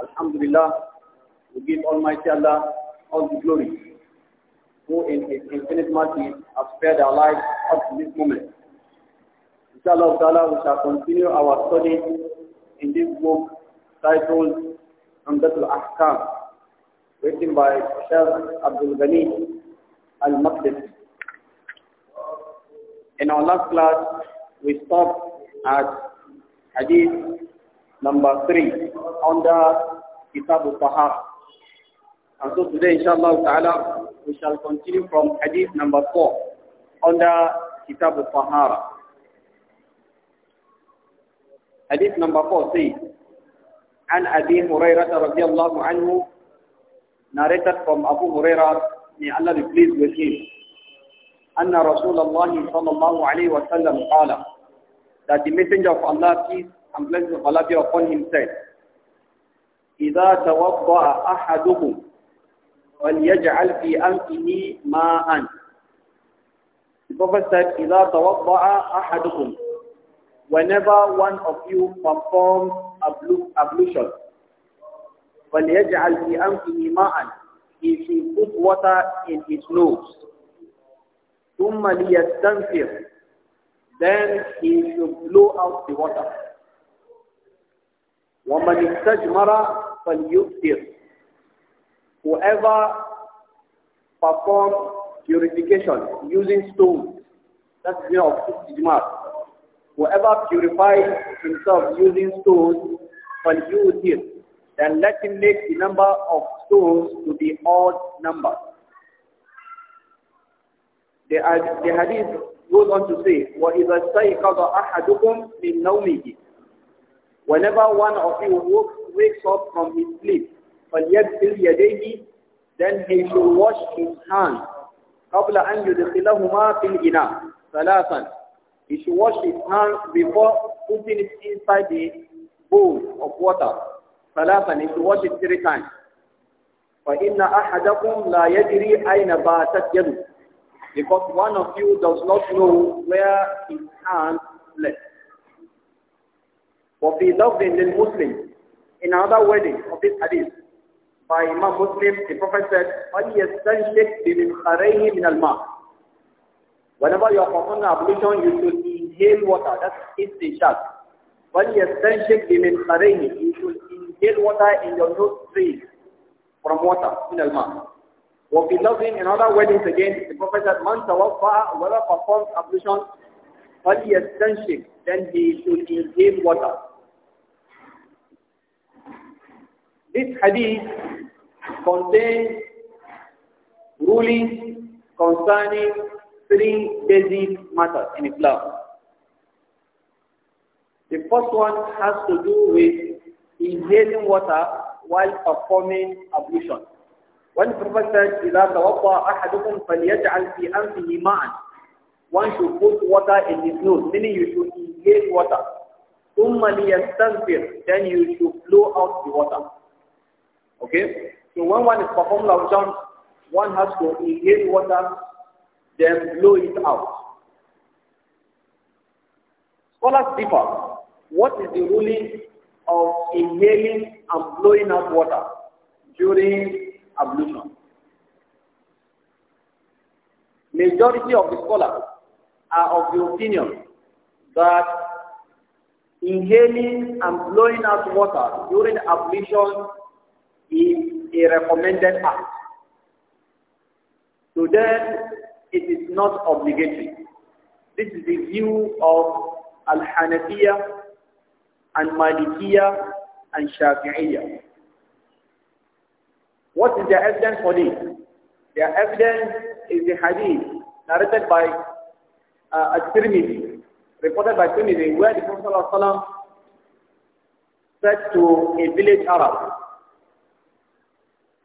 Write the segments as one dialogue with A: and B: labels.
A: Alhamdulillah, we give Almighty Allah all the glory, who in His infinite mercy has spared our lives up to this moment. Inshallah, we shall continue our study in this book titled Amdatul Ahkam, written by Sheikh Abdul Ghani Al-Maqdis. In our last class, we stopped at Hadith number 3. under Kitab al-Tahar. And so today, inshallah ta'ala, we shall continue from hadith number 4 under Kitab al-Tahara. Hadith number 4 says, An Abi رضي radiallahu anhu, narrated from Abu Huraira may Allah be pleased with him أن رسول الله صلى الله عليه وسلم قال that the messenger of Allah peace and blessings of Allah be upon him said إذا توضأ أحدهم فليجعل في أنفه ماء The Prophet said, إذا توضأ أحدكم Whenever one of you performs ablution, فليجعل في أنفه ماء He should put water in his nose. ثم ليستنفر Then he should blow out the water. ومن استجمر فَلْيُفْتِرْ Whoever performs purification using stones, that's the of istijmar. Whoever purifies himself using stones, فَلْيُفْتِرْ Then let him make the number of stones to be odd number. The, the hadith goes on to say, وَإِذَا سَيْقَضَ أَحَدُكُمْ مِنْ نَوْمِهِ Whenever one of you walks wakes up from his sleep, فَلْيَبْسِلْ يَدَيْهِ Then he should wash his hands. قَبْلَ أَنْ يُدْخِلَهُمَا فِي الْإِنَاءِ ثَلَاثًا He should wash his hands before putting it inside the bowl of water. ثَلَاثًا He should wash it three times. فَإِنَّ أَحَدَكُمْ لَا يَدْرِي أَيْنَ بَاتَتْ يَدُهُ Because one of you does not know where his hand left. وفي لفظ للمسلم in another wording of this hadith, by Imam Muslim, the Prophet said, Whenever you are performing ablution, you should inhale water. That's istinshak. فَلْيَسْتَنْشِكْ When You should inhale water in your nose tree from water, in al-ma. وَفِي لَفْظٍ In other weddings again, the Prophet said, مَنْ تَوَفَّعَ whether performs ablution, فَلْيَسْتَنْشِكْ Then he should inhale water. This hadith contains rulings concerning three basic matters in Islam. The first one has to do with inhaling water while performing ablution. When Prophet said, إِذَا تَوَضَّى أَحَدُكُمْ فَلْيَجْعَلْ فِي أَنْفِهِ مَعًا One should put water in his nose, meaning you should inhale water. ثُمَّ لِيَسْتَنْفِرْ Then you should blow out the water. Okay? So when one is performing Laujang, one has to inhale water, then blow it out. Scholars differ. What is the ruling of inhaling and blowing out water during ablution? Majority of the scholars are of the opinion that inhaling and blowing out water during ablution is a recommended act. So then it is not obligatory. This is the view of Al-Hanafiya and Malikiya and Shafi'iyya. What is the evidence for this? The evidence is the hadith narrated by uh, At-Tirmidhi, reported by Tirmidhi, where the Prophet ﷺ said to a village Arab,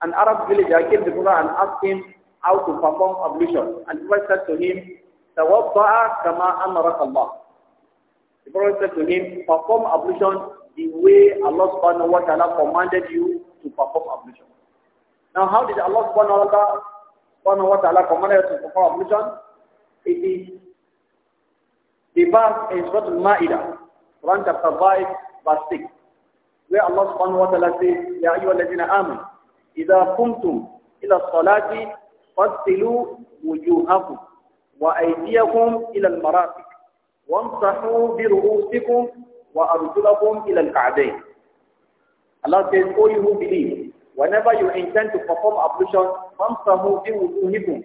A: an Arab villager came to Prophet and asked him how to perform ablution. And the Prophet said to him, Tawabba'a kama amarak Allah. The Prophet said to him, perform ablution the way Allah subhanahu wa ta'ala commanded you to perform ablution. Now how did Allah subhanahu wa ta'ala, command us to perform ablution? It is the verse in Surah Al-Ma'idah, Quran chapter 5, verse 6, where Allah subhanahu wa ta'ala says, Ya ayyuha alladhina amanu, إذا قمتم إلى الصلاة فاغسلوا وجوهكم وأيديكم إلى المرافق وامسحوا برؤوسكم وأرجلكم إلى الكعبين. Allah says, O you who believe, whenever you intend to perform ablution, فامسحوا بوجوهكم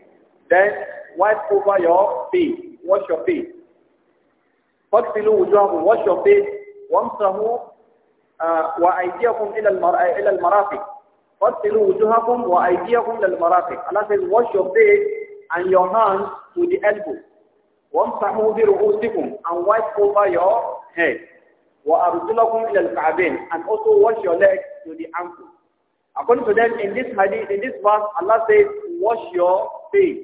A: then wipe over your face, wash your face. فاغسلوا وجوهكم wash your face وامسحوا وأيديكم إلى المرافق and وُجُهَكُمْ وَأَيْدِيَكُمْ لَلْمَرَافِقِ Allah says, wash your face and your hands to the elbow. وَامْسَحُوا بِرُؤُوسِكُمْ And wipe over your head. وَأَرْجُلَكُمْ إِلَى الْكَعْبَيْنِ And also wash your legs to the ankle. According to them, in this hadith, in this verse, Allah says, wash your face.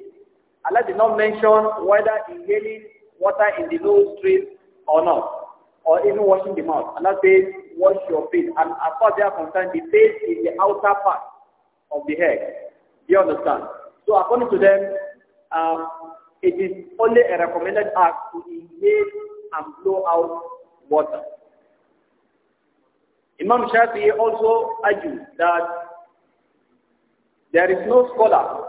A: Allah did not mention whether inhaling water in the stream or not or even washing the mouth. Allah says, wash your face. And as far as they are concerned, the face is the outer part of the head. Do you understand? So according to them, um, it is only a recommended act to inhale and blow out water. Imam Shafi'i also argued that there is no scholar,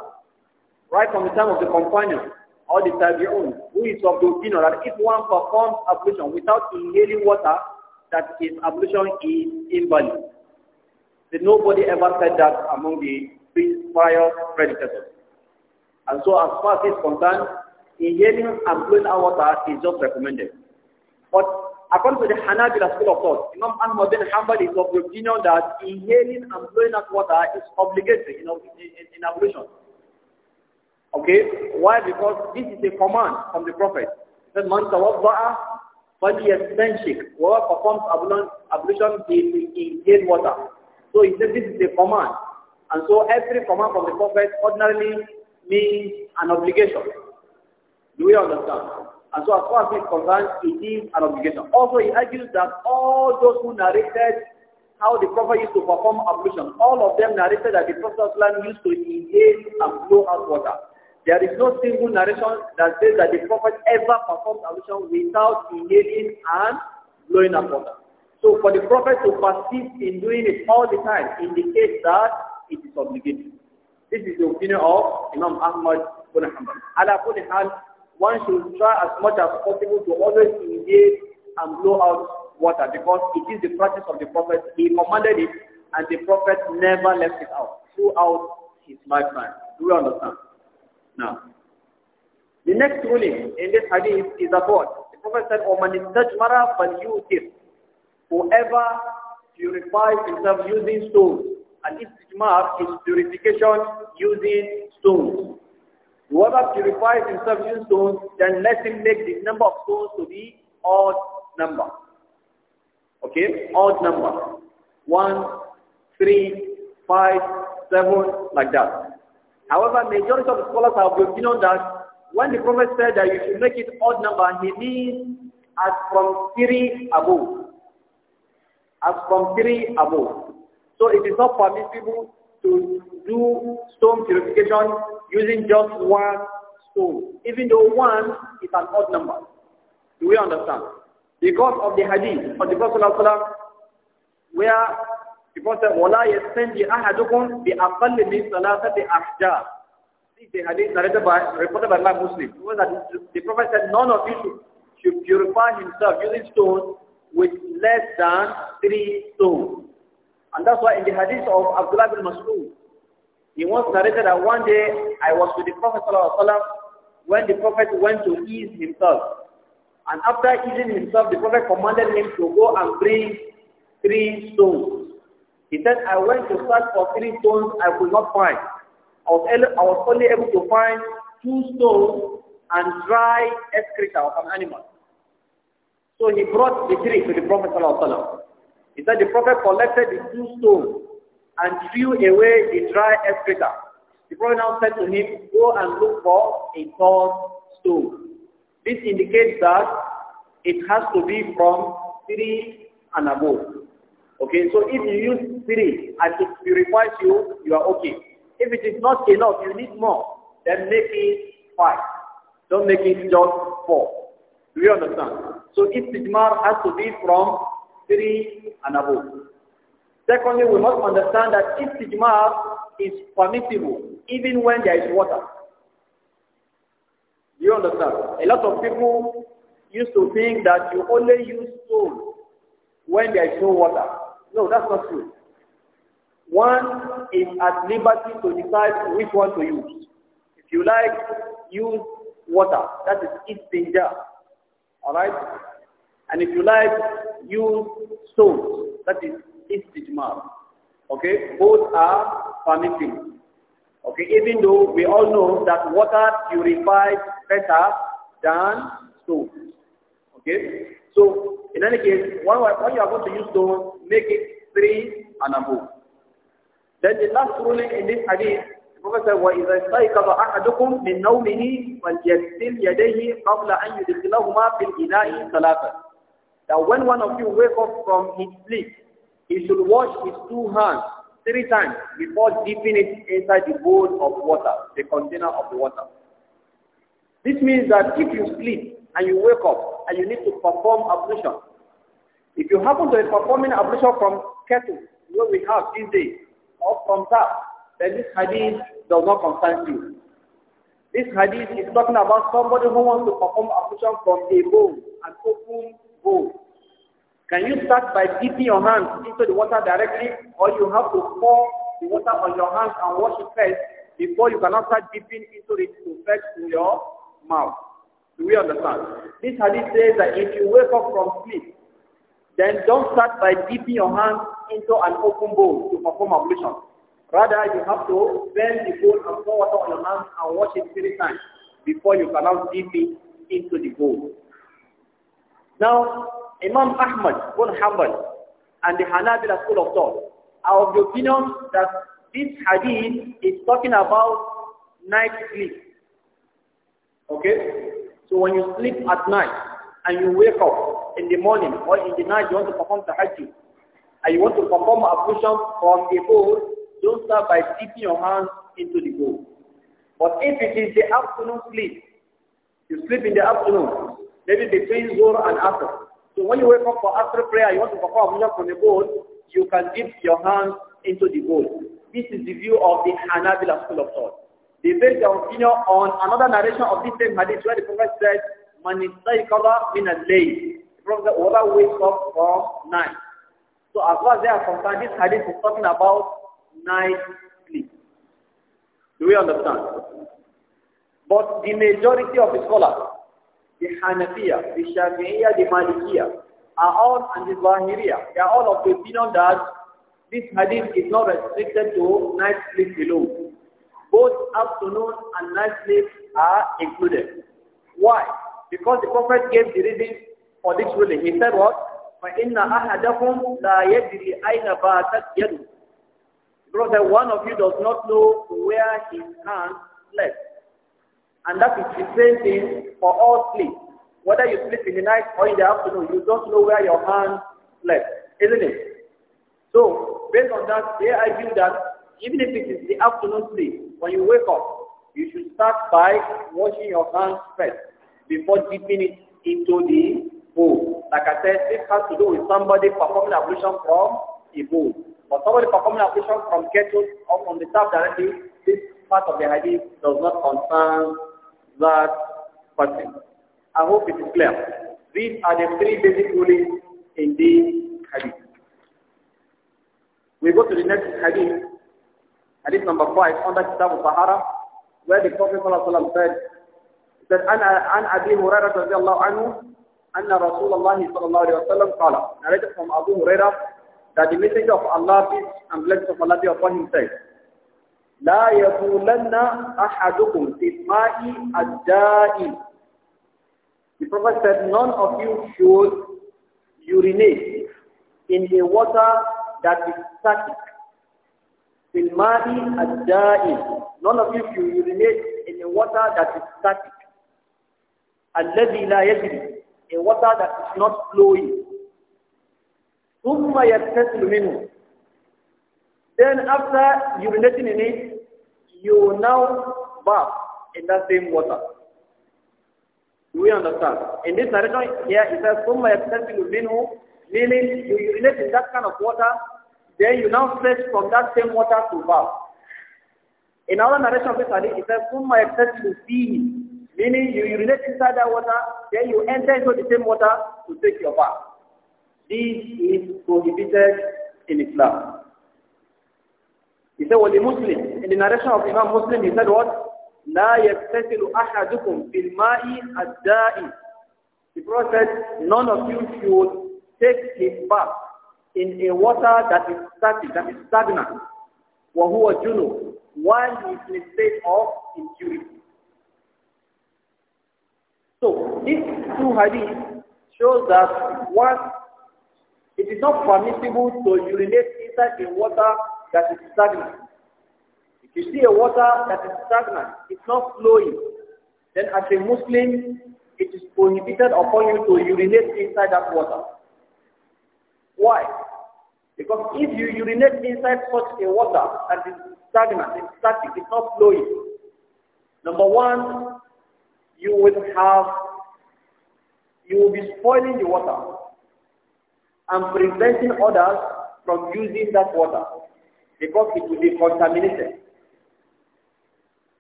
A: right from the time of the companions, or the tabi'un, who is of the opinion that if one performs ablution without inhaling water, that his ablution is invalid. Did nobody ever said that among the prior predecessors. And so as far as is concerned, inhaling and blowing out water is just recommended. But according to the Hanabila school of thought, Imam Ahmad bin Hanbal is of the opinion that inhaling and blowing out water is obligatory in, in, in ablution. Okay? Why? Because this is a command from the Prophet. He said, Man tawadda'a falyastanshik. Whoever performs ablution is in clean water. So he said this is a command. And so every command from the Prophet ordinarily means an obligation. Do we understand? And so as far as he's concerned, it is an obligation. Also, he argues that all those who narrated how the Prophet used to perform ablution, all of them narrated that the Prophet used to inhale and blow out water. There is no single narration that says that the prophet ever performed ablution without inhaling and blowing upon water. So for the prophet to persist in doing it all the time indicates that it is obligatory. This is the opinion of Imam Ahmad bin Hanbal. Ala hal, one should try as much as possible to always engage and blow out water because it is the practice of the prophet. He commanded it and the prophet never left it out throughout his lifetime. Do we understand? Now, the next ruling in this hadith is about. The Prophet said, وَمَنِ اسْتَجْمَرَ فَلْيُؤْتِرْ Whoever purifies himself using stones. And istijmar is purification using stones. Whoever purifies himself using stones, then let him make the number of stones to be odd number. Okay? Odd number. One, three, five, seven, like that. However, majority of the scholars have opinion that when the Prophet said that you should make it odd number, he means as from three above. As from three above. So it is not permissible to do stone purification using just one stone, even though one is an odd number. Do we understand? Because of the hadith of the Prophet where because uh, وَلَا يَسْتَنْجِ أَحَدُكُمْ بِأَقَلِّ مِنْ ثَلَاثَةِ أَحْجَارٍ See the hadith narrated by, reported by Imam Muslim. It was that the Prophet said, none of you should, should purify himself using stones with less than three stones. And that's why in the hadith of Abdullah bin Mas'ud, he once narrated that one day I was with the Prophet ﷺ when the Prophet went to ease himself. And after easing himself, the Prophet commanded him to go and bring three stones. He said, I went to search for three stones I could not find. I was, I was only able to find two stones and dry excreta of an animal. So he brought the three to the Prophet ﷺ. He said the Prophet collected the two stones and threw away the dry excreta. The Prophet now said to him, go and look for a tall stone. This indicates that it has to be from three and above. Okay, so if you use three and it purifies you, you are okay. If it is not enough, you need more, then make it five. Don't make it just four. Do you understand? So istijmar has to be from three and above. Secondly, we must understand that istijmar is permissible even when there is water. Do you understand? A lot of people used to think that you only use stone when there is no water. No, that's not true. One is at liberty to decide which one to use. If you like, use water. That is istinja. Alright? And if you like, use stones. That is istijmar. Okay? Both are permitting. Okay? Even though we all know that water purifies better than soap. Okay? So, in any case, when you are going to use stone, make it three and above. Then the last ruling in this hadith, the Prophet said, وَإِذَا اسْتَيْقَظَ أَحَدُكُمْ مِنْ نَوْمِهِ فَلْيَغْسِلْ يَدَيْهِ قَبْلَ أَنْ يُدْخِلَهُمَا فِي الْإِنَاءِ ثَلَاثًا That when one of you wake up from his sleep, he should wash his two hands three times before dipping it inside the bowl of water, the container of the water. This means that if you sleep and you wake up and you need to perform ablution, if you happen to be performing ablution from kettle, what we have these days, or from that, then this hadith does not concern you. This hadith is talking about somebody who wants to perform ablution from a bowl, an open bowl. Can you start by dipping your hands into the water directly, or you have to pour the water on your hands and wash it first before you cannot start dipping into it to fetch to your mouth? Do we understand? This hadith says that if you wake up from sleep then don't start by dipping your hand into an open bowl to perform ablution. Rather, you have to bend the bowl and pour water on your hands and wash it three times before you can now dip it into the bowl. Now, Imam Ahmad bin Hanbal and the Hanabila school of thought are of the opinion that this hadith is talking about night sleep. Okay? So when you sleep at night and you wake up, in the morning or in the night you want to perform the hajj and you want to perform ablution from a bowl, don't start by dipping your hands into the bowl. But if it is the afternoon sleep, you sleep in the afternoon, maybe between Zohr and Asr. So when you wake up for Asr prayer, you want to perform ablution from the bowl, you can dip your hands into the bowl. This is the view of the Hanabila school of thought. They based their opinion on another narration of this same hadith where the Prophet said, Man istayqadha min al-layl the other wakes up from night. So as far as they are concerned, this hadith is talking about night sleep. Do we understand? But the majority of the scholars, the Hanafiya, the Shafi'iyya, the malikiya, are all and the Zahiriyya, they are all of the opinion that this hadith is not restricted to night sleep alone. Both afternoon and night sleep are included. Why? Because the Prophet gave the reason for this ruling. He said what? فَإِنَّ أَحَدَكُمْ لَا يَدْرِي أَيْنَ بَاتَتْ يَدُهُ Brother, one of you does not know where his hand slept. And that is the same thing for all sleep. Whether you sleep in the night or in the afternoon, you don't know where your hand slept, isn't it? So, based on that, they argue that even if it is the afternoon sleep, when you wake up, you should start by washing your hands first before dipping it into the Bo. Like I said, this has to do with somebody performing ablution from Ibo. But somebody performing ablution from Ketu or from the south directly, this part of the hadith does not concern that person. I hope it is clear. These are the three basic rulings in this hadith. We go to the next hadith, hadith number five, under Kitab al-Sahara, where the Prophet ﷺ said, said, أن أبي هريرة رضي الله عنه أن رسول الله صلى الله عليه وسلم قال narrated from Abu Huraira that the message of Allah peace and blessings of Allah be upon him said لا يقولن أحدكم في ماء الدائم The Prophet said none of you should urinate in a water that is static في الماء الدائم None of you should urinate in a water that is static الذي لا يجري a water that is not flowing. ثم يغتسل منه. Then after urinating in it, you now bath in that same water. Do we understand? In this narration here it says my يغتسل منه meaning you urinate in that kind of water, then you now stretch from that same water to bath. In our narration of this hadith, it says, ثُمَّ يَبْتَسِلُ pee. Meaning you urinate inside that water, then you enter into the same water to take your bath. This is prohibited in Islam. He said, "Well, the Muslim." In the narration of Imam Muslim, he said, "What? لا يغتسل أحدكم في الماء الدائم." The Prophet, none of you should take his bath in a water that is static, that is stagnant. وهو جنوب, while he is in a state of impurity. So these two hadith shows that one, it is not permissible to urinate inside a water that is stagnant. If you see a water that is stagnant, it's not flowing, then as a Muslim, it is prohibited upon you to urinate inside that water. Why? Because if you urinate inside such a water that is stagnant, it's static, it's not flowing, number one, you would have, you will be spoiling the water and preventing others from using that water because it will be contaminated.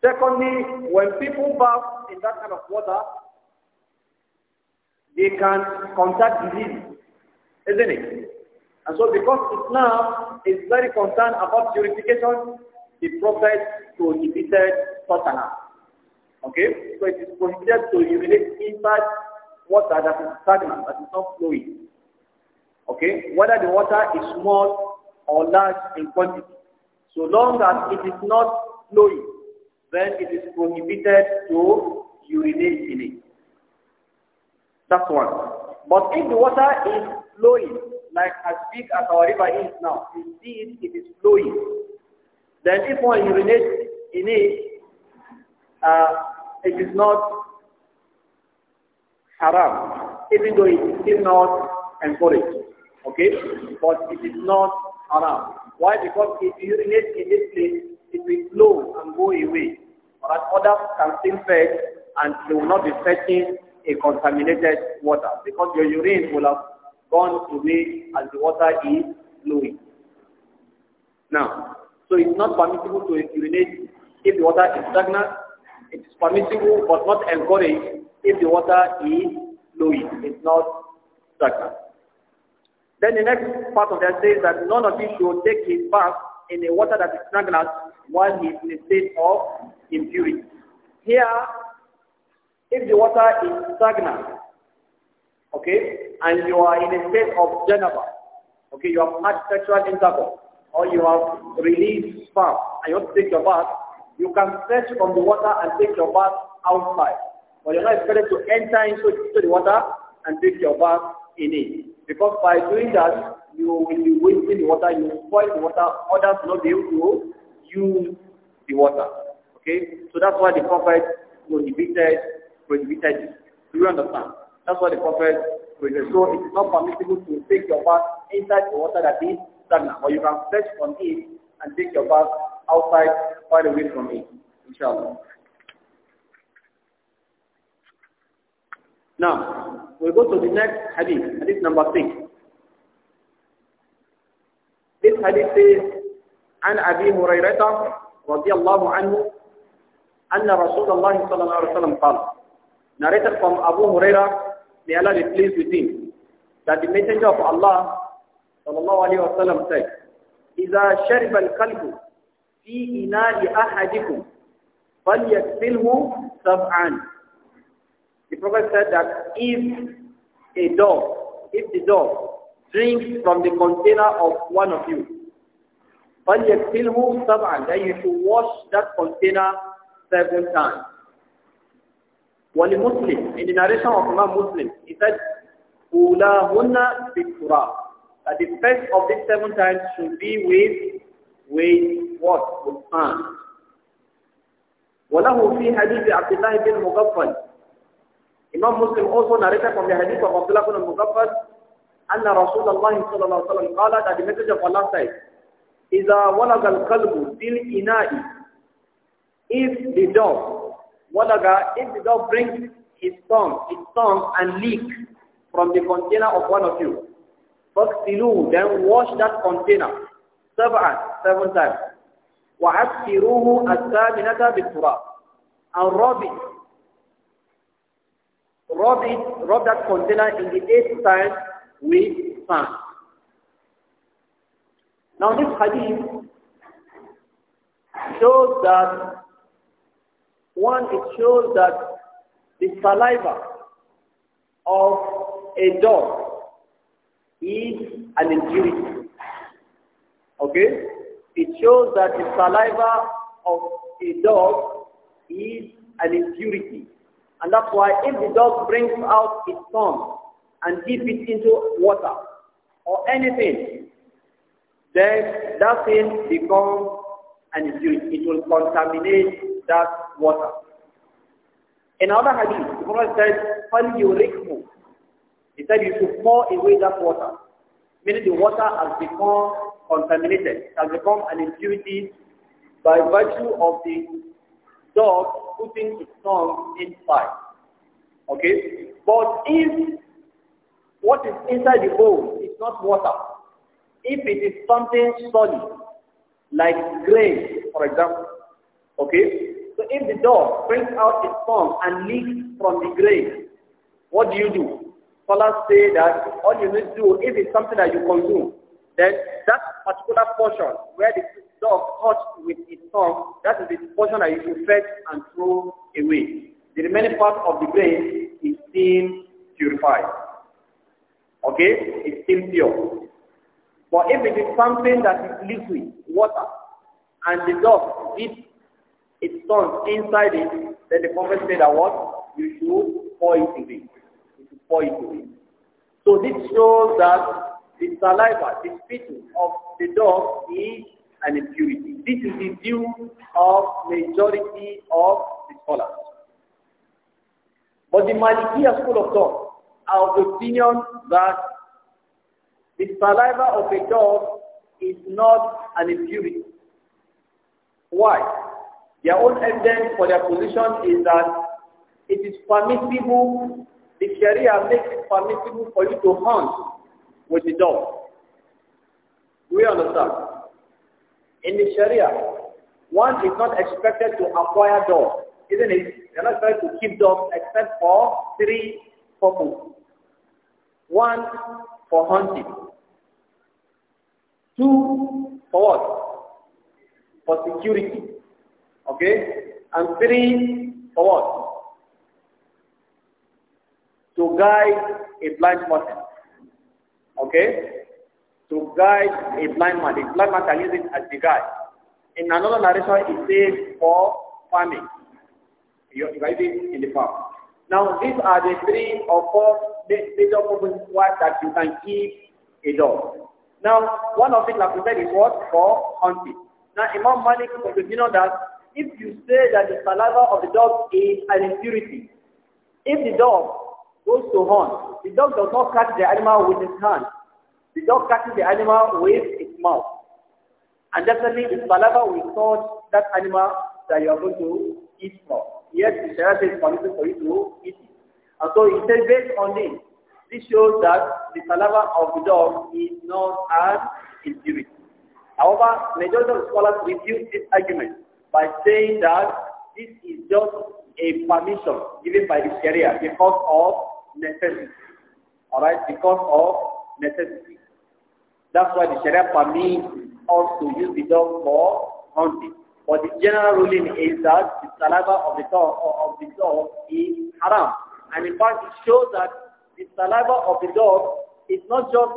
A: Secondly, when people bath in that kind of water, they can contract disease, isn't it? And so because Islam is very concerned about purification, the Prophet prohibited water. Okay? So it is prohibited to urinate inside water that is stagnant, that is not flowing. Okay? Whether the water is small or large in quantity. So long as it is not flowing, then it is prohibited to urinate in it. That's one. But if the water is flowing, like as big as our river is now, you see it, it is flowing. Then if one urinates in it, uh, it is not haram, even though it is still not encouraged. Okay? But it is not haram. Why? Because if you urinate in this place, it will flow and go away. But others can still fetch and they will not be fetching a contaminated water because your urine will have gone away as the water is flowing. Now, so it's not permissible to urinate if the water is stagnant it is permissible but not encouraged if the water is flowing; it's not stagnant. Then the next part of that says that none of you should take his bath in the water that is stagnant while he is in a state of impurity. Here, if the water is stagnant, okay, and you are in a state of janaba, okay, you have had sexual intercourse, or you have released sperm, and you not to take your bath, you can fetch from the water and take your bath outside. But you're not expected to enter into the water and take your bath in it. Because by doing that, you will be wasting the water, you will spoil the water, others will not be able to use the water. Okay? So that's why the Prophet prohibited, prohibited it. Do you understand? That's why the Prophet prohibited So it's not permissible to take your bath inside the water that is stagnant, but you can fetch from it and take your bath outside, far away from me, inshallah. Now, we will go to the next hadith, hadith number six. This hadith says, عن أبي هريرة رضي الله عنه أن رسول الله صلى الله عليه وسلم قال narrated from Abu Huraira may Allah be pleased with him that the messenger of Allah صلى الله عليه وسلم said إذا شرب الكلب Fi إناء aḥadikum, فليكفله sabān. The Prophet said that if a dog, if the dog drinks from the container of one of you, فَلْيَكْفِلْهُ sabān, Then you should wash that container seven times. Muslim, in the narration of Imam Muslim, he said, أُولَهُنَّ بِالْتُرَابِ That the first of these seven times should be with with what? With sand. وله في حديث عبد الله بن مغفل Imam Muslim also narrated from the hadith of Abdullah bin Mughaffal أن رسول الله صلى الله عليه وسلم قال that the message of Allah said إذا ولغ القلب في الإناء if the dog ولغ if the dog brings his tongue his tongue and leak from the container of one of you فاغسلوه then wash that container سبعا seven times. وَعَسِّرُوهُ الثَّامِنَةَ بِالتُّرَابِ And rub it. Rub that container in the eighth time with sand. Now this hadith shows that one, it shows that the saliva of a dog is an injury. Okay? It shows that the saliva of a dog is an impurity. And that's why if the dog brings out its tongue and dip it into water or anything, then that thing becomes an impurity. It will contaminate that water. In other hadith, the Prophet said, فَلْيُرِكْهُ He said you should pour away that water. Meaning the water has become contaminated. has become an impurity by virtue of the dog putting its tongue inside. Okay? But if what is inside the bowl is not water, if it is something solid, like grain, for example, okay? So if the dog brings out its tongue and leaks from the grain, what do you do? Scholars say that all you need to do, if it's something that you consume, then that particular portion where the dog touched with its tongue, that is the portion that you should fetch and throw away. The remaining part of the grain is still purified. Okay? It's still pure. But if it is something that is liquid, water, and the dog dips its tongue inside it, then the prophet said that what? You should pour it away. You should pour it away. So this shows that the saliva, the spit of the dog is an impurity. This is the view of majority of the scholars. But the Malikiya school of thought are of the opinion that the saliva of a dog is not an impurity. Why? Their own evidence for their position is that it is permissible, the Sharia makes it permissible for you to hunt with the dog. We understand. In the Sharia, one is not expected to acquire dogs, isn't it? You're not expected to keep dogs except for three purposes. One, for hunting. Two, for what? For security. Okay? And three, for what? To guide a blind person okay, to guide a blind man. The blind man can use it as the guide. In another narration, it says for farming. You write it in the farm. Now, these are the three or four major purposes that you can keep a dog. Now, one of it, like we said, is what? For hunting. Now, Imam Malik was you know that if you say that the saliva of the dog is an impurity, if the dog goes to horn. The dog does not catch the animal with his hand. The dog catches the animal with its mouth. And definitely if Balaba will touch that animal that you are going to eat from. Yes, the Sharia says permission for you to eat it. And so it says based on this, this shows that the saliva of the dog is not as impurity. However, majority of scholars refute this argument by saying that this is just a permission given by the Sharia because of necessity. Alright, because of necessity. That's why the Sharia permits us to use the dog for hunting. But the general ruling is that the saliva of the dog or of the dog is haram. And in fact, it shows that the saliva of the dog is not just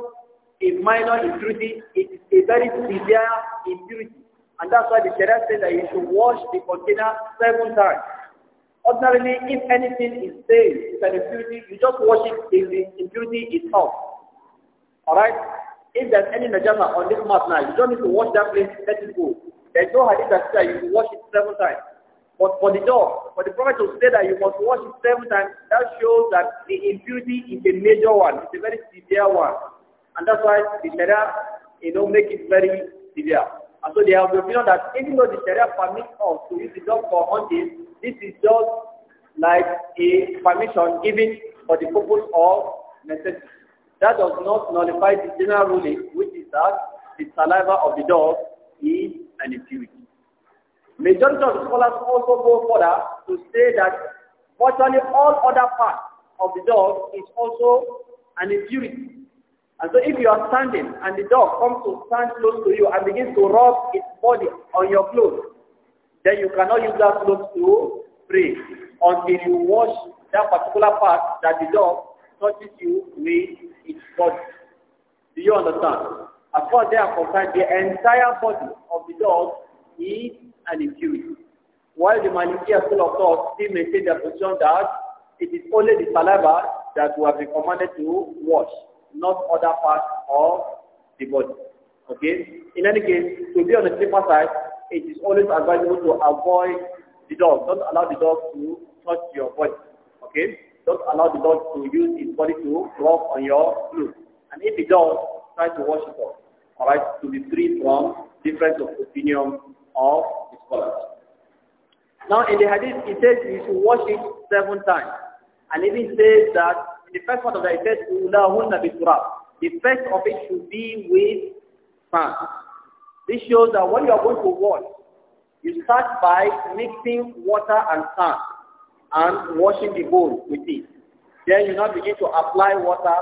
A: a minor impurity, it is a very severe impurity. And that's why the Sharia says that you should wash the container seven times. Ordinarily, if anything is stained, it's an impurity, you just wash it till the impurity is off. Alright? If there's any najasa on this mat now, you don't need to wash that place, let it go. There's no hadith that says you wash it seven times. But for the door, for the Prophet to say that you must wash it seven times, that shows that the impurity is a major one, it's a very severe one. And that's why the Sharia, you know, make it very severe. And so they have the opinion that even though the Sharia permits us to use the dog for hunting, this is just like a permission given for the purpose of necessity. That does not nullify the general ruling, which is that the saliva of the dog is an impurity. Majority of scholars also go further to say that virtually all other parts of the dog is also an impurity. And so if you are standing and the dog comes to stand close to you and begins to rub its body on your clothes, then you cannot use that clothes to pray until you wash that particular part that the dog touches you with its body. Do you understand? As far as they are concerned, the entire body of the dog is an impurity. While the Malikiya school of thought still maintain the position that it is only the saliva that we have been commanded to wash not other parts of the body. Okay? In any case, to be on the safer side, it is always advisable to avoid the dog. Don't allow the dog to touch your body. Okay? Don't allow the dog to use its body to rub on your clothes. And if it does, try to wash it off. Alright? To be free from difference of opinion of the scholars. Now in the hadith, it says you should wash it seven times. And even says that the first part of that, it says, Ulahunna biturab. The first of it should be with sand. This shows that when you are going to wash, you start by mixing water and sand and washing the bowl with it. Then you now begin to apply water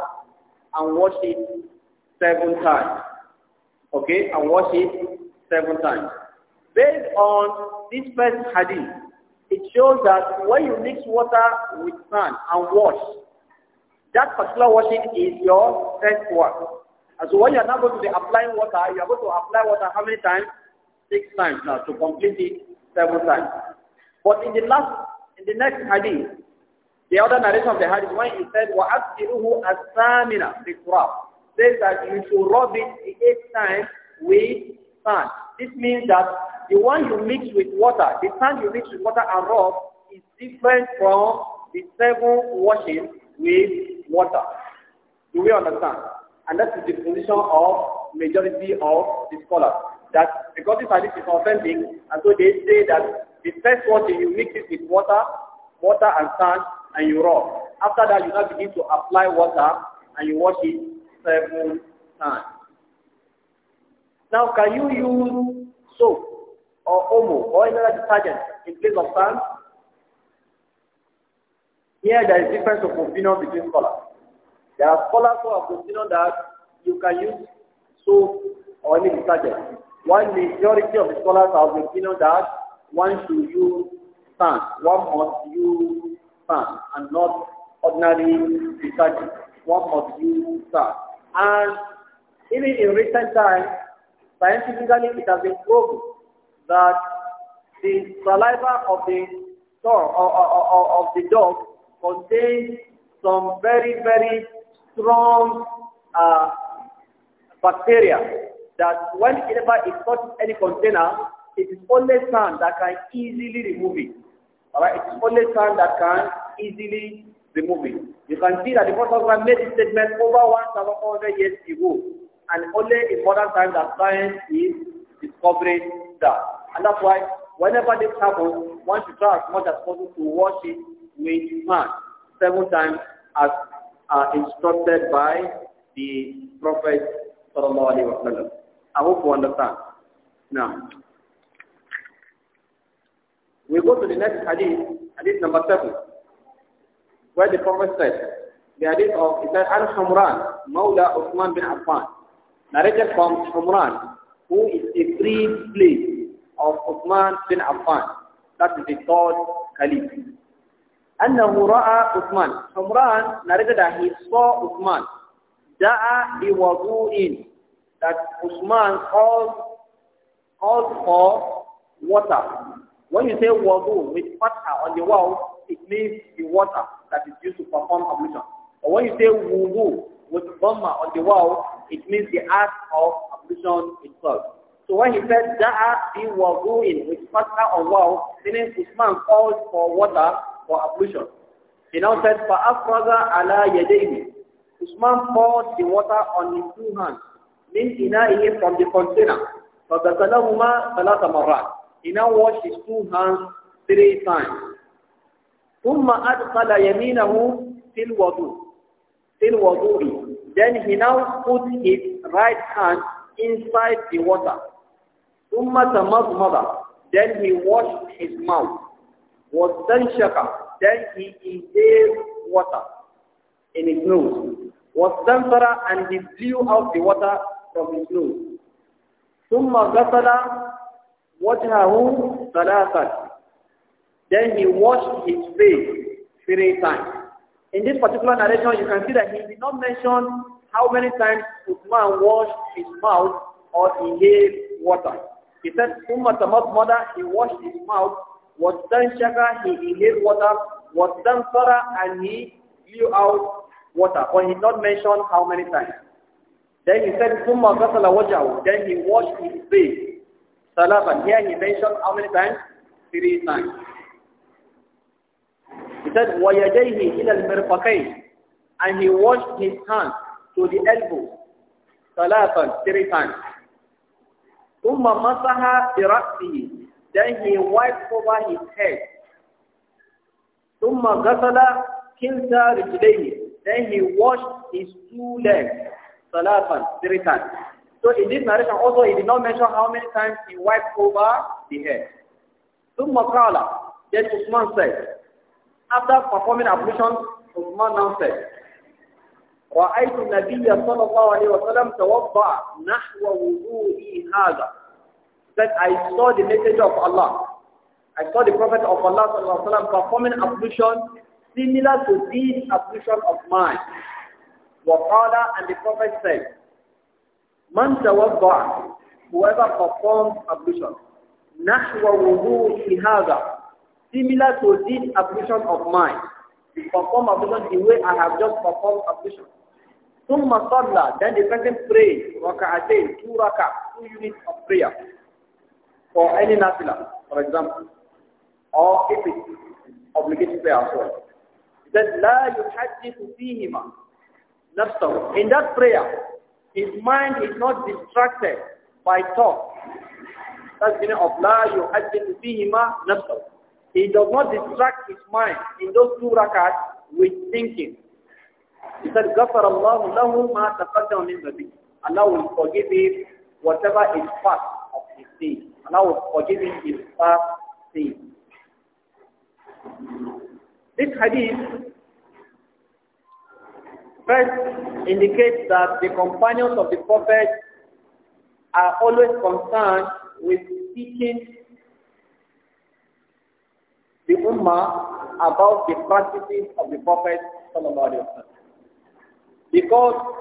A: and wash it seven times. Okay, and wash it seven times. Based on this first hadith, it shows that when you mix water with sand and wash, that particular washing is your first one. And so when you're not going to be applying water, you're going to apply water how many times? Six times now to complete it seven times. But in the last, in the next hadith, the other narration of the hadith, when he said, وَأَسْئِرُهُ أَسْتَامِنَا بِكْرَابِ says that you should rub it eight times with sand. This means that the one you mix with water, the sand you mix with water and rub is different from the seven washings with water. Do we understand? And that is the position of majority of the scholars. That because this hadith is authentic, and so they say that the first water you mix it with water, water and sand, and you rub. After that, you now begin to apply water, and you wash it seven times. Now, can you use soap or omo or any other detergent in place of sand? Here there is difference of opinion between scholars. There are scholars who have opinion that you can use soap or any detergent. While majority of the scholars have opinion that one should use sand, one must use sand and not ordinary detergent. One must use sand. And even in recent times, scientifically it has been proven that the saliva of the dog or, or, or, of the dog contains some very, very strong uh, bacteria that whenever it touches any container, it is only sand that can easily remove it. Alright, it's only sand that can easily remove it. You can see that the Prophet made this statement over 1,400 years ago, and only in modern times that science is discovering that. And that's why whenever this happens, once you try as much as possible to wash it which man seven times as uh, instructed by the Prophet sallallahu alaihi wasallam. I hope you understand. Now, we go to the next hadith, hadith number seven, where the Prophet said, the hadith of he said, Al Humran, Mawla Uthman bin Affan, narrated from Humran, who is a free slave of Uthman bin Affan. That is the third caliph. أنه رأى عثمان عمران narrated that he saw Uthman دعا that Uthman called called for water when you say wudu with fatha on the wall it means the water that is used to perform ablution but when you say wudu with dhamma on the wall it means the act of ablution itself so when he said da'a bi wudu'in with fatha on wall meaning Uthman called for water for ablution. He now said, فَأَفْرَغَ عَلَى يَدَيْهِ Usman poured the water on his two hands, min inaihi from the container. فَتَسَلَهُمَا ثَلَاثَ مَرَّاتٍ He now washed his two hands three times. ثُمَّ أَدْخَلَ يَمِينَهُ فِي الْوَضُوءِ فِي الْوَضُوءِ Then he now put his right hand inside the water. ثُمَّ تَمَضْمَضَ Then he washed his mouth. وَاسْتَنْشَقَ Then he inhaled water in his nose. وَاسْتَنْفَرَ And he blew out the water from his nose. Summa غَسَلَ وَجْهَهُ ثَلَاثًا Then he washed his face three times. In this particular narration, you can see that he did not mention how many times Uthman washed his mouth or inhaled water. He said, Ummah Tamat mother, he washed his mouth shaka he inhaled water. Wastansara, and he blew out water. But he not mentioned how many times. Then he said, ثُمَّ غَسَلَ وَجَهُ Then he washed his face. Salaban. Here he mentioned how many times? Three times. He said, وَيَدَيْهِ إِلَى الْمِرْفَقَيْنِ And he washed his hands to the elbow. Salaban. Three times. ثُمَّ مَسَحَ بِرَأْسِهِ then he wiped over his head. ثم غسل كلتا رجليه. Then he washed his two legs. Salatan, three times. So in this narration also he did not mention how many times he wiped over the head. ثم قال Then Usman said, after performing ablution, Usman now said, رأيت النبي صلى الله عليه وسلم توضأ نحو وضوئي هذا that I saw the messenger of Allah. I saw the prophet of Allah وسلم, performing ablution similar to this ablution of mine. وقال and the prophet said, من توضع whoever performs ablution نحو وضوء هذا similar to this ablution of mine perform ablution the way I have just performed ablution ثم صلى then the person prayed ركعتين two ركع two units of prayer for any nafila, for example, or if it's obligatory prayer as well. He said, La yuhadithu fihima nafsahu. In that prayer, his mind is not distracted by thought. That's meaning of La yuhadithu fihima nafsahu. He does not distract his mind in those two rakats with thinking. He said, غَفَرَ اللَّهُ لَهُ مَا تَقَدَّمَ مِنْ Allah will forgive him whatever is past of his deed now was forgiving his past sins. This hadith first indicates that the companions of the Prophet are always concerned with teaching the Ummah about the practices of the Prophet because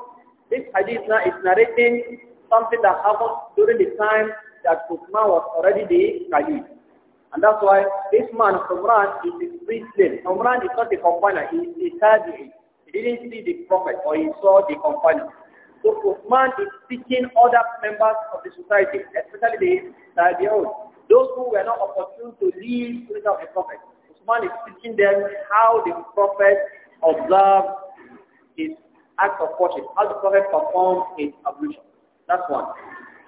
A: this hadith now is narrating something that happened during the time that Uthman was already the Caliph. And that's why this man, Umran, is a free slave. Umran is not the companion, he is a He didn't see the Prophet or he saw the companion. So Uthman is teaching other members of the society, especially the tabi'un, those who were not opportune to leave without the Prophet. Uthman is teaching them how the Prophet observed his act of worship, how the Prophet performed his ablution. That's one.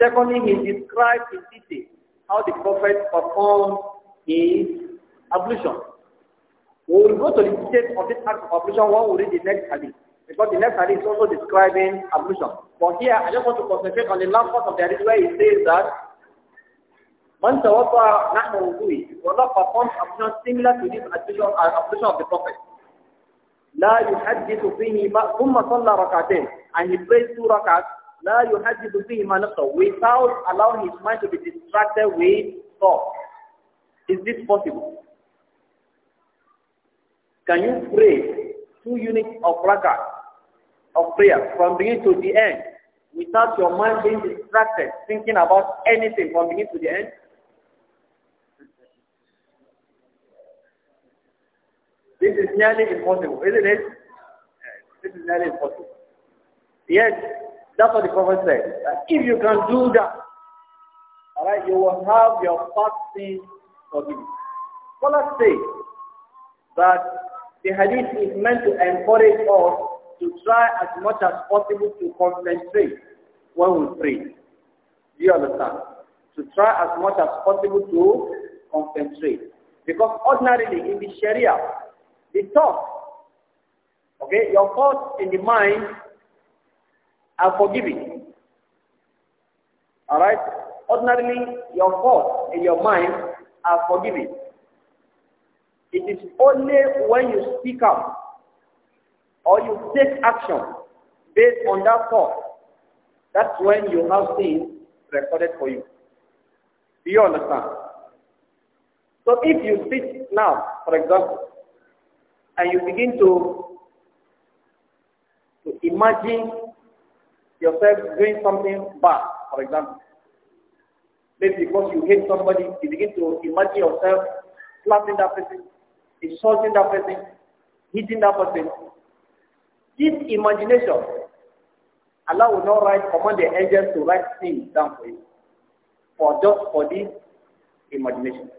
A: Secondly, he describes in detail how the prophet performed his ablution. We will go to the details of this act of ablution when we read the next hadith. Because the next hadith is also describing ablution. But here, I just want to concentrate on the last part of the hadith where it says that when tawaffa nahma wudu'i. Allah performs ablution similar to this ablution, uh, ablution of the Prophet. لا يحدث فيه ما ثم صلى ركعتين and he prays two rakats لا يحجب فيهما نفسه without allowing his mind to be distracted with thought. Is this possible? Can you pray two units of raka of prayer from beginning to the end without your mind being distracted, thinking about anything from beginning to the end? This is nearly impossible, isn't it? This is nearly impossible. Yes, that's what the Prophet said. That if you can do that, all right, you will have your fasting forgiven. So let's say that the hadith is meant to encourage us to try as much as possible to concentrate when we pray. Do you understand? To try as much as possible to concentrate. Because ordinarily in the Sharia, the thought, okay, your thoughts in the mind and forgiving. Alright? Ordinarily, your thoughts and your mind are forgiving. It is only when you speak up or you take action based on that thought, that's when you have seen recorded for you. Do you understand? So if you sit now, for example, and you begin to, to imagine yourself doing something bad, for example. Maybe because you hate somebody, you begin to imagine yourself slapping that person, insulting that person, hitting that person. This imagination, Allah will not write, command the angels to write things down for you, for just for this imagination.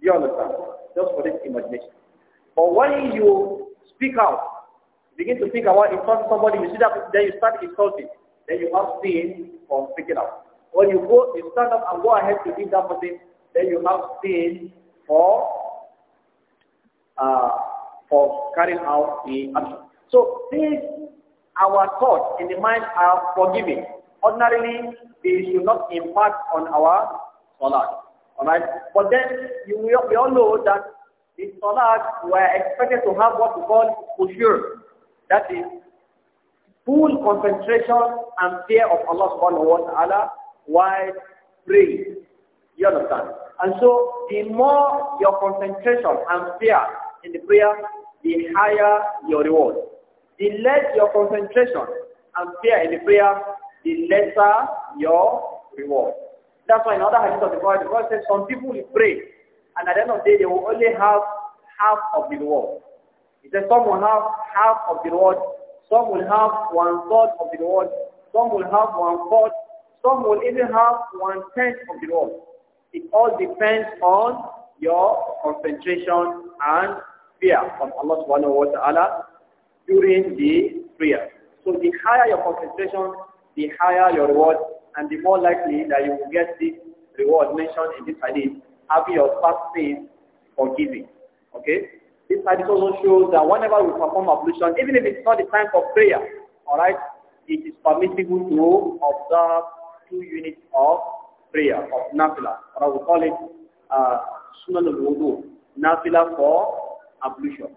A: Do you understand? Just for this imagination. But when you speak out, begin to think about insult somebody, you see that, then you start insulting. Then you have sin from speaking out. When you go, you stand up and go ahead to beat that person, then you have sin for uh, for carrying out the action. So since our thoughts in the mind are forgiving, ordinarily they should not impact on our salat. Alright? But then you we all know that the salat were expected to have what we call kushur, that is full concentration and fear of Allah subhanahu wa ta'ala while praying. You understand? And so the more your concentration and fear in the prayer, the higher your reward. The less your concentration and fear in the prayer, the lesser your reward. That's why in other hadith of the Prophet, the Prophet says some people will pray and at the end of the day they will only have half of the reward. He said some will have half of the reward, some will have one third of the reward, some will have one fourth, some will even have one tenth of the reward. It all depends on your concentration and fear from Allah subhanahu wa ta'ala during the prayer. So the higher your concentration, the higher your reward, and the more likely that you will get this reward mentioned in this hadith, having your fast faith forgiving. Okay? This hadith also shows that whenever we perform ablution, even if it's not the time for prayer, all right, it is permissible to observe two units of prayer, of nafila, or we call it uh, al-wudu, nafila for ablution.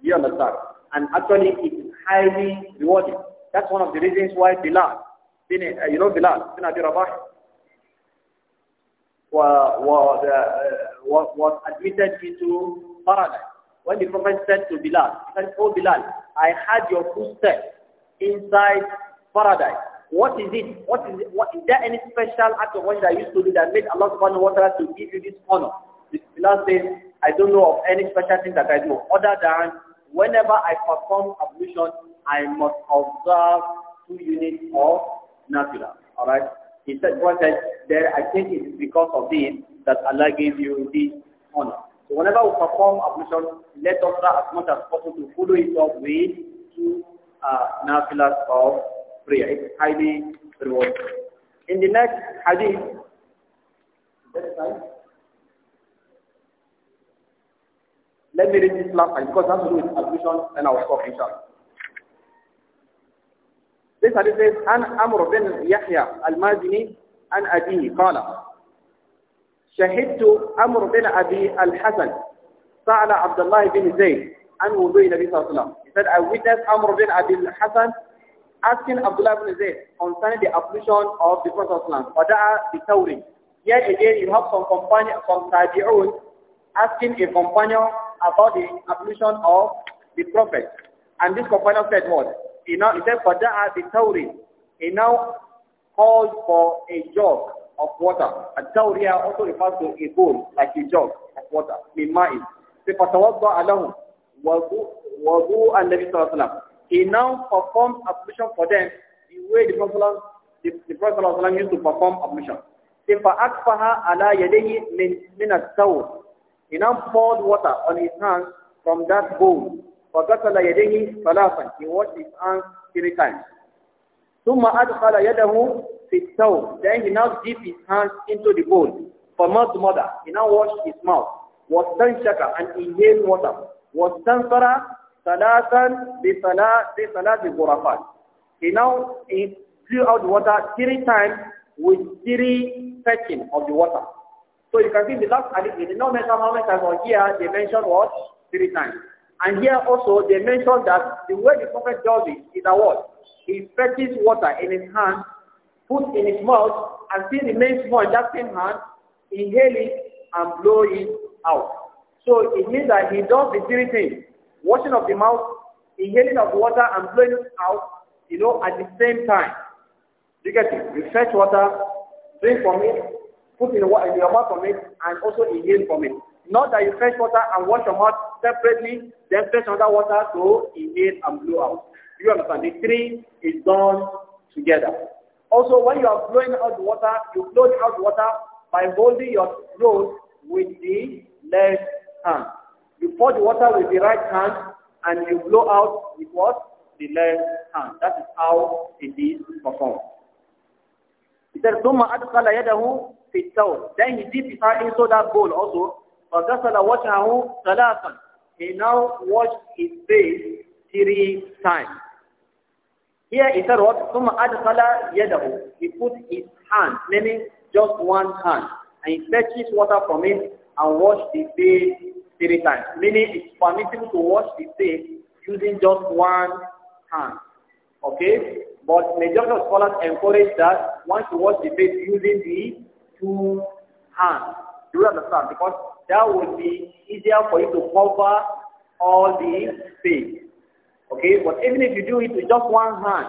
A: You understand? And actually, it is highly rewarding. That's one of the reasons why Bilal, uh, you know Bilal, bin Abi Rabah, was, was, uh, was admitted into paradise when the prophet said to Bilal, he said, Oh Bilal, I had your footsteps inside paradise. What is it? What is it? What is there any special act of worship that you used to do that made Allah subhanahu wa ta'ala to give you this honor? Bilal says, I don't know of any special thing that I do other than whenever I perform ablution, I must observe two units of nafila. Alright? He said, Prophet, there I think it is because of this that Allah gave you this honor. So whenever we perform ablution, let us try as much as possible to follow it up with two uh, nafilas of prayer. It's highly rewarding. In the next hadith, that time, let me read this last time because that's to do with ablution and our stop inshallah. This hadith says, عن أمر بن يحيى المازني عن أبيه قال شهدت أمر بن أبي الحسن سأل عبد الله بن زيد عن وضوء النبي صلى الله عليه وسلم. He said, I witnessed Amr bin Abi al-Hassan asking Abdullah bin Zayd concerning the ablution of the Prophet Islam. Fada'a bi tawri. Here again, you have some companion, some tabi'un asking a companion about the ablution of the Prophet. And this companion said what? He now, he said, Fada'a bi tawri. He now called for a jug of water. At-tawriya also refers to a bowl, like a jug of water, min ma'in. فَتَوَضَّعَ لَهُمْ وَضُوءَ النَّبِي صلى الله عليه He now performs ablution for them the way the Prophet, the, the Prophet ﷺ used to perform ablution. فَأَكْفَهَا عَلَى يَدَيْهِ مِنْ, مِنَ التَّوْرِ He now poured water on his hands from that bowl. فَغَسَلَ يَدَيْهِ ثَلَاثًا He washed his hands three times. ثُمَّ أَدْخَلَ يَدَهُ Fitaw. Then he now dipped his hands into the bowl. for mouth to mother. He now washed his mouth. Was shaka and inhaled water. Was Wastansara salatan bi salat bi salat ghurafat. He now he blew out water three times with three fetching of the water. So you can see the last hadith, they did not mention how many times, but here they mentioned what? Three times. And here also they mentioned that the way the prophet does it is that what? He fetches water in his hand put in his mouth and still remain small in that same hand, inhale it and blow it out. So it means that he does the three things. Washing of the mouth, inhaling of water and blowing it out, you know, at the same time. You get it? You fetch water, drink from it, put in, in your mouth from it, and also inhale from it. Not that you fetch water and wash your mouth separately, then fetch another water to so inhale and blow out. You understand? The three is done together. Also, when you are blowing out water, you blow out water by holding your throat with the left hand. You pour the water with the right hand and you blow out with what? The left hand. That is how it is performed. He said, ثم أدخل يده في التوب. Then he dipped his hand into that bowl also. فغسل وجهه ثلاثا. He now washed his face three times. Here it said what? ثُمَّ أَدْخَلَ يَدَهُ He put his hand, meaning just one hand, and he fetches water from it and washes the face three times. Meaning it's permissible to wash the face using just one hand. Okay? But majority of scholars encourage that one should wash the face using the two hands. Do you understand? Because that would be easier for you to cover all the face. Okay, but even if you do it with just one hand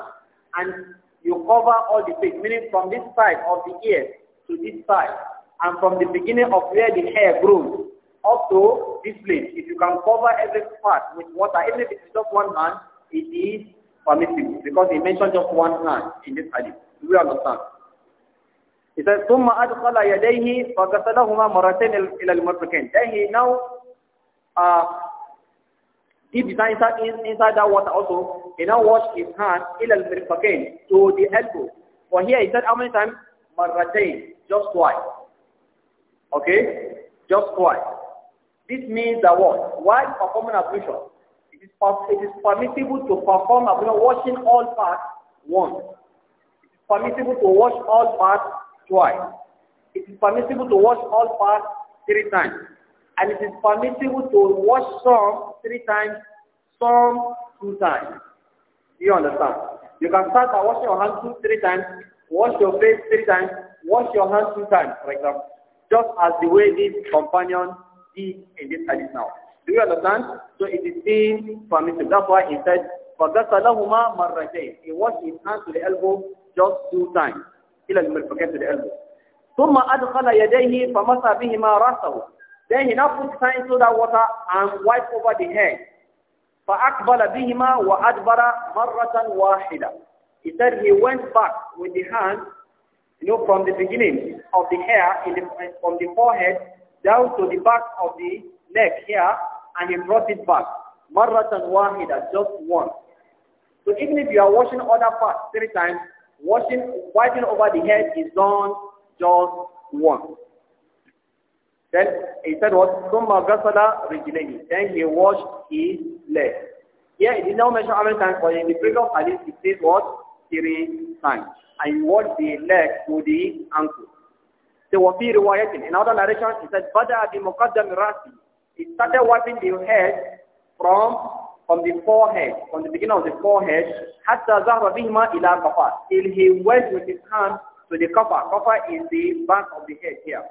A: and you cover all the face, meaning from this side of the ear to this side, and from the beginning of where the hair grows up to this place, if you can cover every part with water, even if it's just one hand, it is permissible because he mentioned just one hand in this hadith. Do you understand? He says, ثُمَّ أَدْخَلَ يَدَيْهِ فَغَسَلَهُمَا مَرَتَيْنِ إِلَى الْمَرْفَقَيْنِ Then he now uh, he he's inside, inside that water also, he now washed his hand إلى المرفقين to the elbow. For here he said how many times? مرتين, just twice. Okay, just twice. This means that what? While performing ablution, it is, it is permissible to perform ablution washing all parts once. It is permissible to wash all parts twice. It is permissible to wash all parts three times and it is permissible to wash some three times, some two times. you understand? You can start by washing your hands two, three times, wash your face three times, wash your hands two times, for example. Just as the way this companion did in this hadith now. Do you understand? So it is seen permissible. That's why he said, فَغَسَلَهُمَا مَرَّتَيْنِ He washed his hands to the elbow just two times. إِلَى الْمِرْفَقَيْنِ to the elbow. ثُمَّ أَدْخَلَ يَدَيْهِ فَمَسَى بِهِمَا رَأْسَهُ then he now put fine soda water and wiped over the head. فَأَقْبَلَ بِهِمَا وَأَدْبَرَ مَرَّةً وَاحِدَةً He said he went back with the hand, you know, from the beginning of the hair, in the, from the forehead, down to the back of the neck here, and he brought it back. مَرَّةً وَاحِدَةً Just once. So even if you are washing other parts three times, washing, wiping over the head is done just once. Then he said what? ثُمَّ غَسَلَ رِجْلَيْهِ Then he washed his leg. Here yeah, he did not mention how many times, but in the previous hadith it says what? Three times. And he washed the leg to the ankle. So وفي رواية in other narration he said بدأ بمقدم رأسي. He started wiping the head from from the forehead, from the beginning of the forehead, حتى ظهر بهما إلى كفا. Till he went with his hand to the kafa. Kafa is the back of the head here.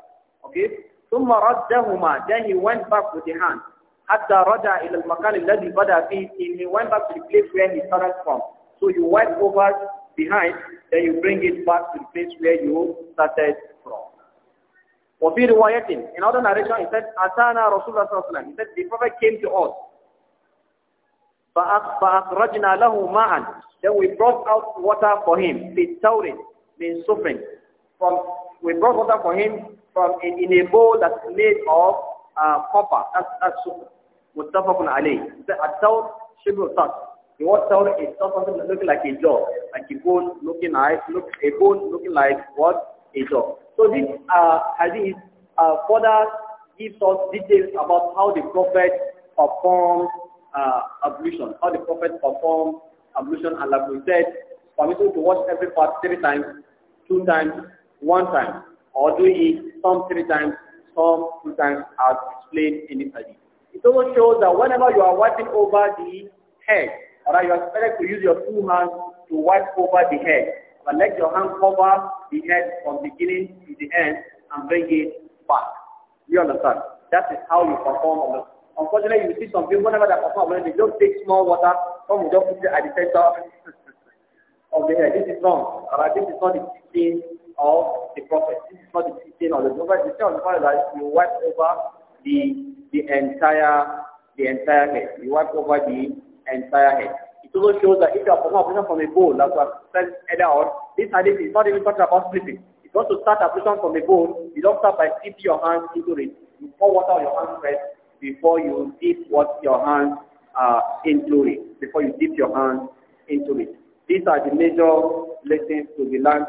A: Okay? ثم ردهما then he went back with the hand حتى رجع إلى المكان الذي بدأ فيه he went back to the place where he started from so you wipe over behind then you bring it back to the place where you started from وفي رواية in other narration he said أتانا رسول الله صلى الله عليه وسلم he said the prophet came to us فأخرجنا له ماء then we brought out water for him في التوريد means suffering from we brought water for him from a, in a bowl that's made of uh, copper. That's that's muttafaqun alayh. At-tawr shibru tat. The word tawr is not something looking like a jaw, like a bone looking like look a bone looking like what a jaw. So this uh, hadith uh, further gives us details about how the prophet performed uh, ablution, how the prophet performed ablution, and like we said, permission to wash every part three times, two times, one time or do it some three times, some two times as explained in the hadith. It also shows that whenever you are wiping over the head, or right, you are expected to use your two hands to wipe over the head, but let your hand cover the head from beginning to the end and bring it back. You understand? That is how you perform on the Unfortunately, you see some people, whenever they perform, when they not take small water, some will just put it at the center of the head. This is wrong. All right, this is not the teaching of the prophet. This is not the teaching of the prophet. The teaching of the prophet that you wipe over the the entire the entire head. You wipe over the entire head. It also shows that if you are performing operation from a bone, as was said earlier on, this hadith is not even talking about sleeping. If you want to start operation from a bone, you don't start by dipping your hands into it. You pour water on your hands first before you dip what your hands uh, into it, before you dip your hands into it. These are the major lessons to be learned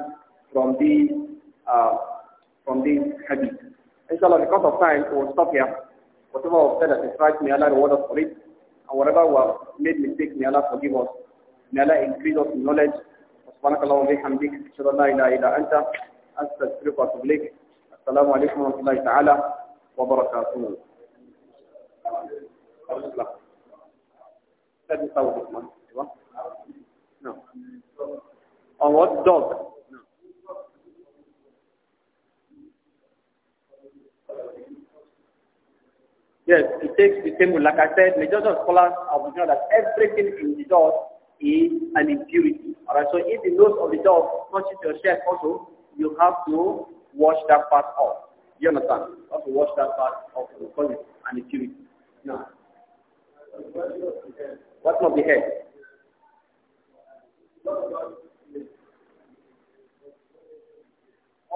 A: from the uh, from these hadith. Inshallah, because of time, we'll stop here. Whatever was said that is right, may Allah reward us for it. And whatever we have made mistakes, may Allah forgive us. May Allah increase us in knowledge. سبحانك اللهم وبحمدك أشهد أن لا إله إلا أنت أستغفرك وأتوب إليك السلام عليكم ورحمة الله تعالى وبركاته. No. On what dog? Yes, it takes the same. Like I said, majority of scholars have you that everything in the dog is an impurity. Alright, so if the nose of the dog touches your chest also, you have to wash that part off. You understand? You have to wash that part off because it's an impurity. Now, what of the head?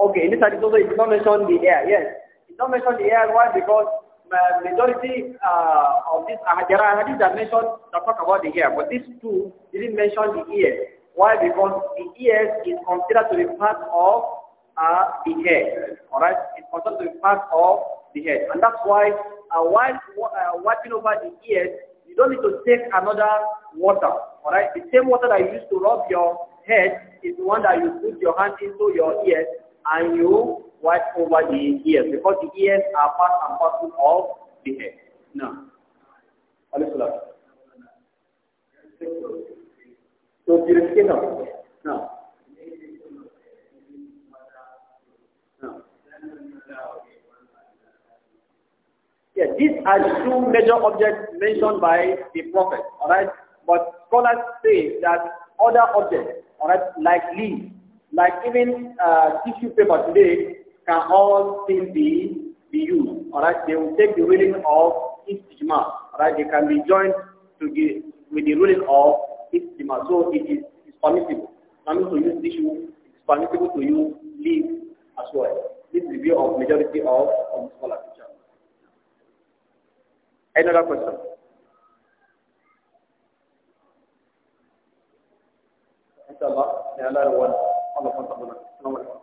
A: Okay, in this article, it does not mentioned the air. Yes, it's not mentioned the air. Why? Because uh, majority uh, of this, uh, there are hadiths that mention that talk about the ear, but these two didn't mention the ear. Why? Because the ear is considered to be part of uh, the head. All right, it's considered to be part of the head, and that's why uh, while uh, wiping over the ears, you don't need to take another water. All right, the same water that you use to rub your head is the one that you put your hand into your ears and you why over the ears because the ears are part and parcel of the head. Now, so purification of no. no. Yeah, these are two major objects mentioned by the prophet, alright? But scholars say that other objects, alright, like leaves, like even uh, tissue paper today, can all still be, be used. Alright, they will take the ruling of istijma. Alright, they can be joined to the, with the ruling of istijma. So it is it's permissible. I mean to use tissue, it's permissible to use leaf as well. This is the view of majority of, of scholars. Another question. Inshallah, may Allah reward all of us.